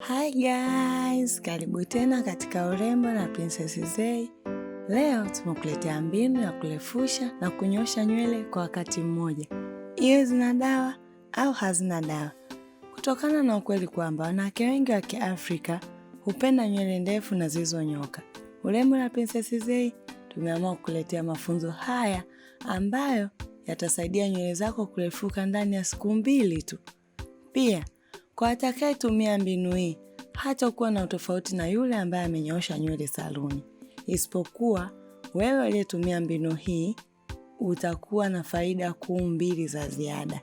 Hi guys, karibu tena katika Urembo na Princess Zey. Leo tumekuletea mbinu ya kurefusha na kunyosha nywele kwa wakati mmoja, iwe zina dawa au hazina dawa, kutokana na ukweli kwamba wanawake wengi wa Kiafrika hupenda nywele ndefu na zilizonyoka. Urembo na Princess Zey tumeamua kukuletea mafunzo haya ambayo yatasaidia nywele zako kurefuka ndani ya siku mbili tu. Pia kwa atakayetumia mbinu hii hatakuwa na utofauti na yule ambaye amenyoosha nywele saluni, isipokuwa wewe aliyetumia mbinu hii utakuwa na faida kuu mbili za ziada.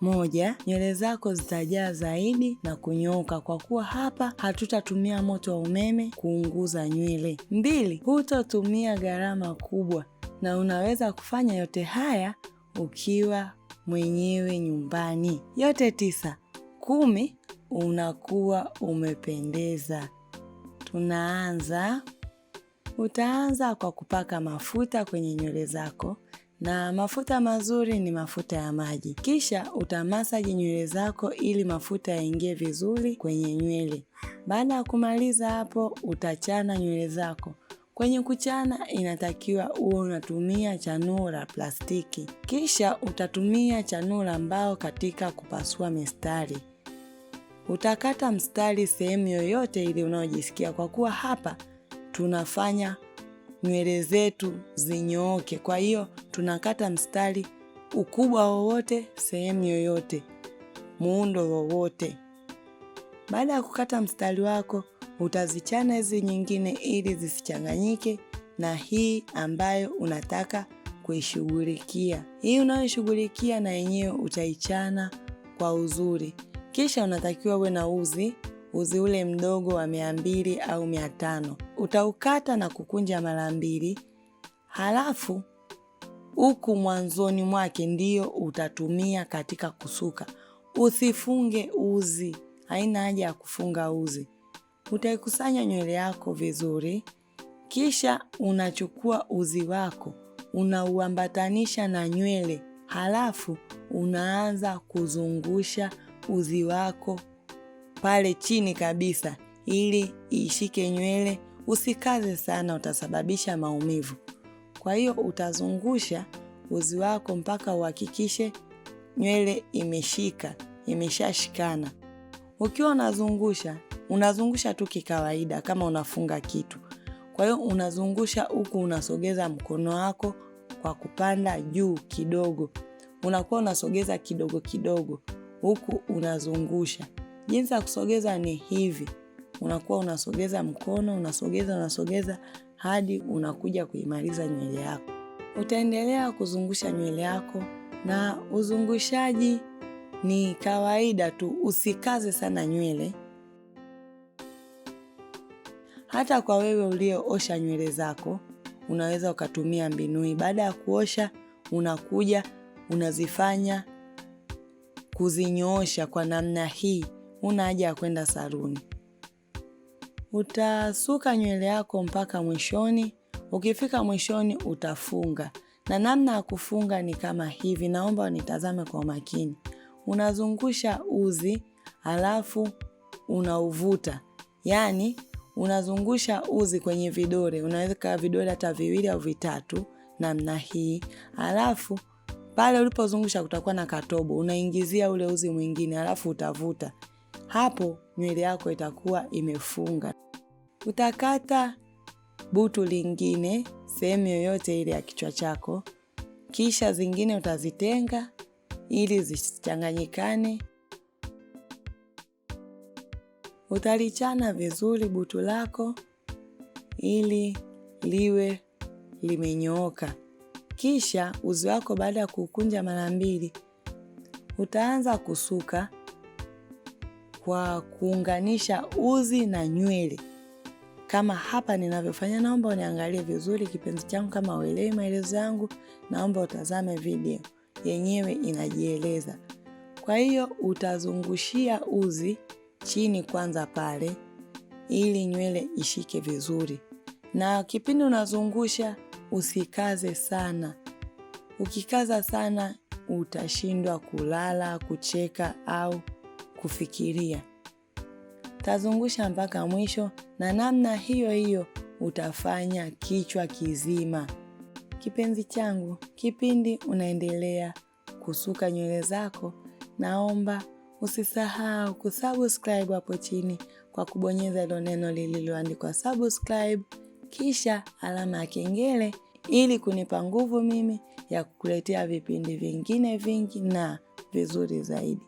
Moja, nywele zako zitajaa zaidi na kunyooka kwa kuwa hapa hatutatumia moto wa umeme kuunguza nywele. Mbili, hutotumia gharama kubwa na unaweza kufanya yote haya ukiwa mwenyewe nyumbani. Yote tisa, kumi unakuwa umependeza. Tunaanza. Utaanza kwa kupaka mafuta kwenye nywele zako, na mafuta mazuri ni mafuta ya maji. Kisha utamasaji nywele zako ili mafuta yaingie vizuri kwenye nywele. Baada ya kumaliza hapo, utachana nywele zako. Kwenye kuchana inatakiwa uwe unatumia chanuo la plastiki, kisha utatumia chanuo la mbao katika kupasua mistari. Utakata mstari sehemu yoyote ile unayojisikia, kwa kuwa hapa tunafanya nywele zetu zinyooke. Kwa hiyo tunakata mstari ukubwa wowote, sehemu yoyote, muundo wowote. Baada ya kukata mstari wako, utazichana hizi nyingine ili zisichanganyike na hii ambayo unataka kuishughulikia. Hii unayoshughulikia na yenyewe utaichana kwa uzuri. Kisha unatakiwa uwe na uzi, uzi ule mdogo wa mia mbili au mia tano utaukata na kukunja mara mbili, halafu huku mwanzoni mwake ndio utatumia katika kusuka. Usifunge uzi, haina haja ya kufunga uzi. Utaikusanya nywele yako vizuri, kisha unachukua uzi wako unauambatanisha na nywele, halafu unaanza kuzungusha uzi wako pale chini kabisa, ili iishike nywele. Usikaze sana, utasababisha maumivu. Kwa hiyo utazungusha uzi wako mpaka uhakikishe nywele imeshika, imeshashikana. Ukiwa unazungusha, unazungusha tu kikawaida kama unafunga kitu. Kwa hiyo unazungusha huku, unasogeza mkono wako kwa kupanda juu kidogo, unakuwa unasogeza kidogo kidogo huku unazungusha. Jinsi ya kusogeza ni hivi, unakuwa unasogeza mkono, unasogeza, unasogeza hadi unakuja kuimaliza nywele yako. Utaendelea kuzungusha nywele yako, na uzungushaji ni kawaida tu, usikaze sana nywele. Hata kwa wewe ulioosha nywele zako unaweza ukatumia mbinu hii. Baada ya kuosha, unakuja unazifanya kuzinyoosha kwa namna hii, huna haja ya kwenda saluni. Utasuka nywele yako mpaka mwishoni. Ukifika mwishoni, utafunga na namna ya kufunga ni kama hivi, naomba nitazame kwa umakini Unazungusha uzi alafu unauvuta, yaani unazungusha uzi kwenye vidole, unaweka vidole hata viwili au vitatu namna hii, alafu pale ulipozungusha kutakuwa na katobo, unaingizia ule uzi mwingine, alafu utavuta. Hapo nywele yako itakuwa imefunga. Utakata butu lingine sehemu yoyote ile ya kichwa chako, kisha zingine utazitenga ili zisichanganyikane. Utalichana vizuri butu lako ili liwe limenyooka. Kisha uzi wako baada ya kukunja mara mbili, utaanza kusuka kwa kuunganisha uzi na nywele kama hapa ninavyofanya. Naomba uniangalie vizuri kipenzi changu, kama uelewi maelezo yangu, naomba utazame video yenyewe inajieleza. Kwa hiyo utazungushia uzi chini kwanza pale, ili nywele ishike vizuri, na kipindi unazungusha usikaze sana. Ukikaza sana, utashindwa kulala, kucheka au kufikiria. Tazungusha mpaka mwisho, na namna hiyo hiyo utafanya kichwa kizima. Kipenzi changu, kipindi unaendelea kusuka nywele zako, naomba usisahau kusubscribe hapo chini kwa kubonyeza hilo neno lililoandikwa subscribe kisha alama ya kengele ili kunipa nguvu mimi ya kukuletea vipindi vingine vingi na vizuri zaidi.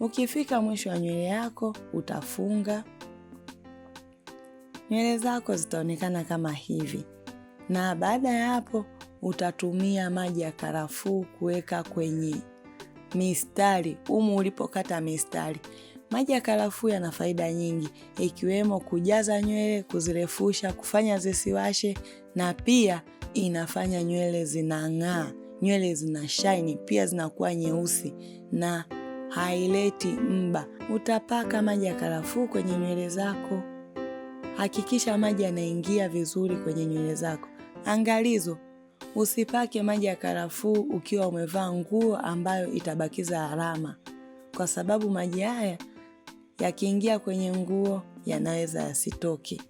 Ukifika mwisho wa nywele yako utafunga. Nywele zako zitaonekana kama hivi, na baada ya hapo utatumia maji ya karafuu kuweka kwenye mistari umu ulipokata mistari. Maji ya karafuu yana faida nyingi ikiwemo kujaza nywele, kuzirefusha, kufanya zisiwashe na pia inafanya nywele zinang'aa, nywele zina shaini, pia zinakuwa nyeusi na haileti mba. Utapaka maji ya karafuu kwenye nywele zako. Hakikisha maji yanaingia vizuri kwenye nywele zako. Angalizo, usipake maji ya karafuu ukiwa umevaa nguo ambayo itabakiza alama, kwa sababu maji haya yakiingia kwenye nguo yanaweza yasitoke.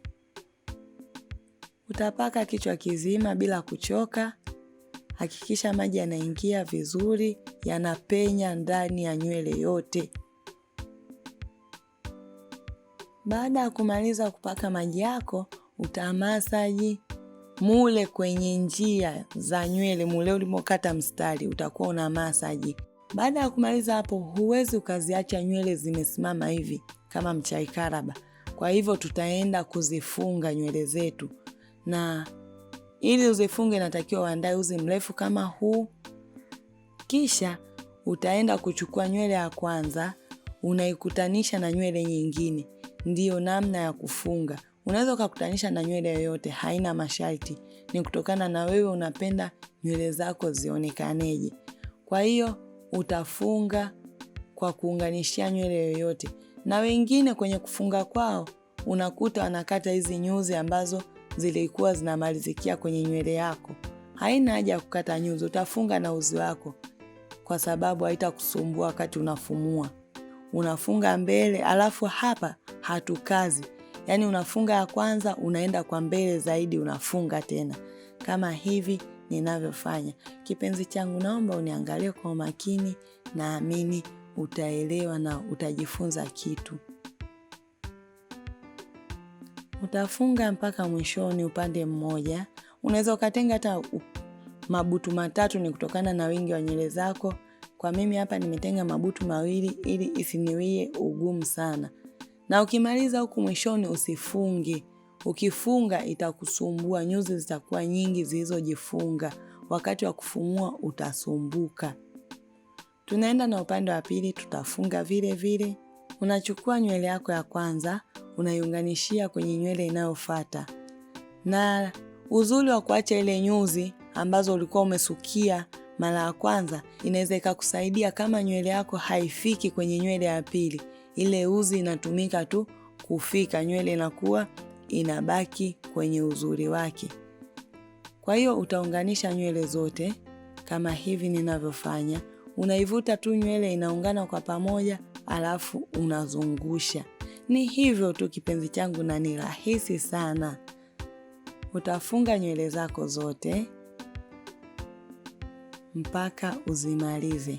Utapaka kichwa kizima bila kuchoka. Hakikisha maji yanaingia vizuri, yanapenya ndani ya nywele yote. Baada ya kumaliza kupaka maji yako, utamasaji mule kwenye njia za nywele, mule ulimokata mstari, utakuwa una masaji. Baada ya kumaliza hapo, huwezi ukaziacha nywele zimesimama hivi kama mchai karaba. Kwa hivyo tutaenda kuzifunga nywele zetu, na ili uzifunge inatakiwa uandae uzi mrefu kama huu, kisha utaenda kuchukua nywele ya kwanza unaikutanisha na nywele nyingine. Ndiyo namna ya kufunga. Unaweza ukakutanisha na nywele yoyote, haina masharti, ni kutokana na wewe unapenda nywele zako zionekaneje. Kwa hiyo utafunga kwa kuunganishia nywele yoyote, na wengine kwenye kufunga kwao unakuta wanakata hizi nyuzi ambazo zilikuwa zinamalizikia kwenye nywele yako. Haina haja ya kukata nyuzi, utafunga na uzi wako, kwa sababu haitakusumbua wakati unafumua. Unafunga mbele, alafu hapa hatukazi, yaani unafunga ya kwanza unaenda kwa mbele zaidi, unafunga tena kama hivi ninavyofanya. Kipenzi changu, naomba uniangalie kwa umakini, naamini utaelewa na utajifunza kitu. Utafunga mpaka mwishoni upande mmoja. Unaweza ukatenga hata mabutu matatu, ni kutokana na wingi wa nywele zako. Kwa mimi hapa nimetenga mabutu mawili ili isiniwie ugumu sana. Na ukimaliza huku mwishoni usifungi Ukifunga itakusumbua, nyuzi zitakuwa nyingi zilizojifunga, wakati wa kufumua utasumbuka. Tunaenda na upande wa pili, tutafunga vile vile. Unachukua nywele yako ya kwanza unaiunganishia kwenye nywele inayofuata, na uzuri wa kuacha ile nyuzi ambazo ulikuwa umesukia mara ya kwanza, inaweza ikakusaidia kama nywele yako haifiki kwenye nywele ya pili, ile uzi inatumika tu kufika, nywele inakuwa inabaki kwenye uzuri wake. Kwa hiyo utaunganisha nywele zote kama hivi ninavyofanya. Unaivuta tu nywele inaungana kwa pamoja, alafu unazungusha. Ni hivyo tu kipenzi changu, na ni rahisi sana. Utafunga nywele zako zote mpaka uzimalize,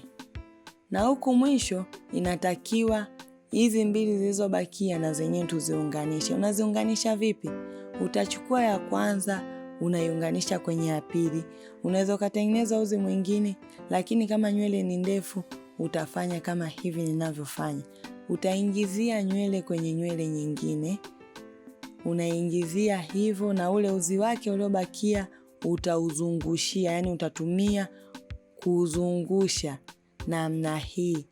na huku mwisho inatakiwa hizi mbili zilizobakia na zenyewe tuziunganishe. Unaziunganisha vipi? Utachukua ya kwanza unaiunganisha kwenye ya pili. Unaweza ukatengeneza uzi mwingine, lakini kama nywele ni ndefu utafanya kama hivi ninavyofanya. Utaingizia nywele kwenye nywele nyingine, unaingizia hivyo, na ule uzi wake uliobakia utauzungushia, yani utatumia kuuzungusha namna hii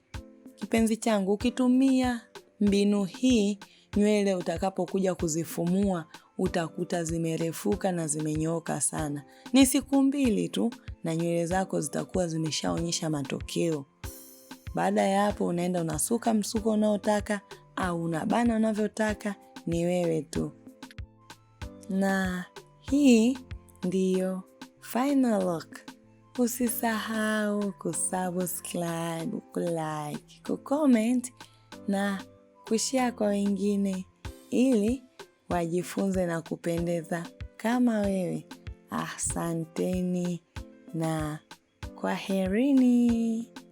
Kipenzi changu, ukitumia mbinu hii nywele utakapokuja kuzifumua utakuta zimerefuka na zimenyooka sana. Ni siku mbili tu na nywele zako zitakuwa zimeshaonyesha matokeo. Baada ya hapo, unaenda unasuka msuko unaotaka au unabana unavyotaka, ni wewe tu. Na hii ndiyo final look. Usisahau kusubscribe, kulike, kucomment na kushia kwa wengine ili wajifunze na kupendeza kama wewe. Asanteni na kwaherini.